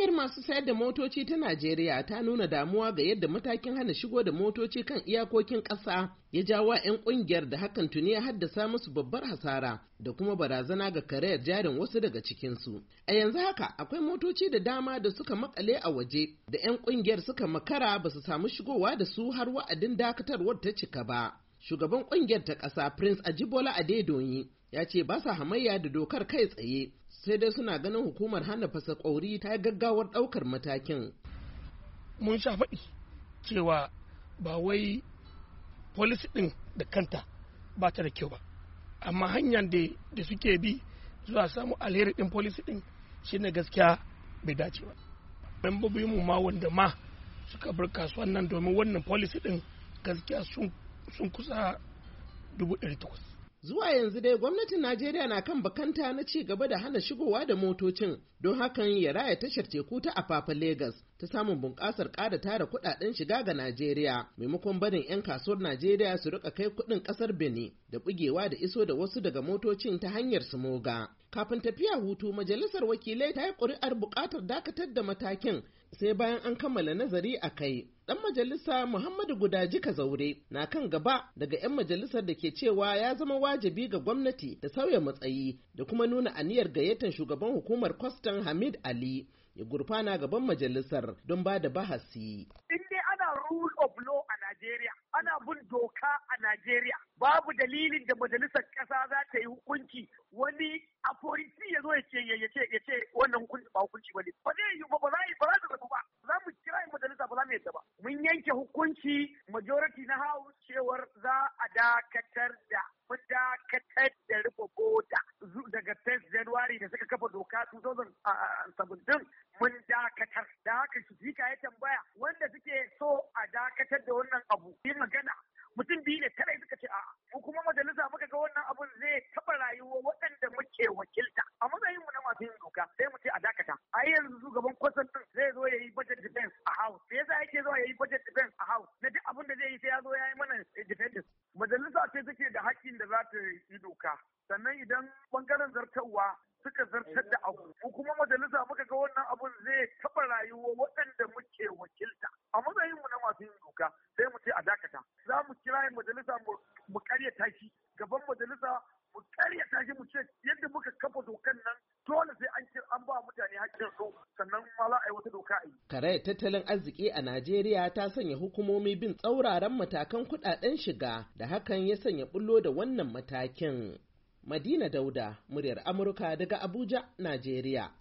Ƙungiyar masu sayar da motoci ta Najeriya ta nuna damuwa ga yadda matakin hana shigo da motoci kan iyakokin ƙasa ya wa 'yan ƙungiyar da hakan tuni ya haddasa musu babbar hasara da kuma barazana ga karayar jarin wasu daga cikinsu. A yanzu haka akwai motoci da dama da suka makale a waje da 'yan ƙungiyar suka makara ba su samu shigowa da su har wa'adin dakatarwar ta cika ba. Shugaban ƙungiyar ta ƙasa Prince Ajibola Adedoyi. ya ce ba sa hamayya da dokar kai tsaye sai dai suna ganin hukumar hana fasa kwauri ta gaggawar ɗaukar matakin. Mun sha faɗi cewa ba wai polisi ɗin da kanta ba ta da kyau ba, amma hanyar da suke bi zuwa samu alheri ɗin polisi ɗin shi ne gaskiya bai dace ba. Membobi mu ma wanda ma suka bar kasuwan nan domin wannan polisi ɗin gaskiya sun kusa dubu ɗari takwas. Zuwa yanzu dai gwamnatin Najeriya na kan bakanta na ci gaba da hana shigowa da motocin don hakan ya raya tashar teku ta Afafa Legas ta samun bunƙasar ƙara tara kuɗaɗen shiga ga Najeriya maimakon barin 'yan kasuwar Najeriya su rika kai kuɗin ƙasar Benin da bugewa da iso da wasu daga motocin ta hanyar Smoga. Kafin tafiya hutu majalisar wakilai ta yi ƙuri'ar buƙatar dakatar da matakin sai bayan an kammala nazari a kai. Ɗan majalisa Muhammadu Gudaji zaure na kan gaba daga 'yan majalisar da ke cewa ya zama wajibi ga gwamnati da sauya matsayi da kuma nuna aniyar gayyatar shugaban hukumar kwastan Hamid Ali ya gurfana gaban majalisar don ba da bahasi. In dai ana rule of law a Najeriya, ana bin doka a Najeriya, babu dalilin da majalisar ƙasa za ta yi hukunci wani aforiti ya zo ya ce ya ce wannan hukunci ba hukunci ba ne. Ba zai yi ba ba za ta zabu ba. Za mu kira majalisa ba za mu yadda ba. Mun yanke hukunci majority na hau cewar za a dakatar da Mun dakatar da rufe boda. daga 10 January da suka kafa doka 2017 mun dakatar da haka shi ya tambaya wanda suke so a dakatar da wannan abu yi magana mutum biyu ne kada suka ce a'a mu kuma majalisa muka ga wannan abun zai taba rayuwa waɗanda muke wakilta a matsayin mu na masu yin doka sai mu ce a dakata a yanzu shugaban kwasan zai zo ya yi budget defense house me yasa yake zuwa yayi budget defense a house na duk abin da zai yi sai ya zo ya yi mana defense majalisa ce take da hakkin da za ta yi doka sannan idan bangaren zartarwa suka zartar da abu ko kuma majalisa muka ga wannan abun zai taɓa rayuwa waɗanda muke wakilta a matsayin mu na masu yin doka sai mu ce a dakata za mu kira majalisa mu karya shi gaban majalisa mu karya tashi mu ce yadda muka kafa dokan nan dole sai an haƙƙin za a yi wata doka a yi. karaya tattalin arziki a Najeriya ta sanya hukumomi bin tsauraran matakan kuɗaɗen shiga da hakan ya sanya bullo da wannan matakin. Madina Dauda, muryar Amurka daga Abuja, Najeriya.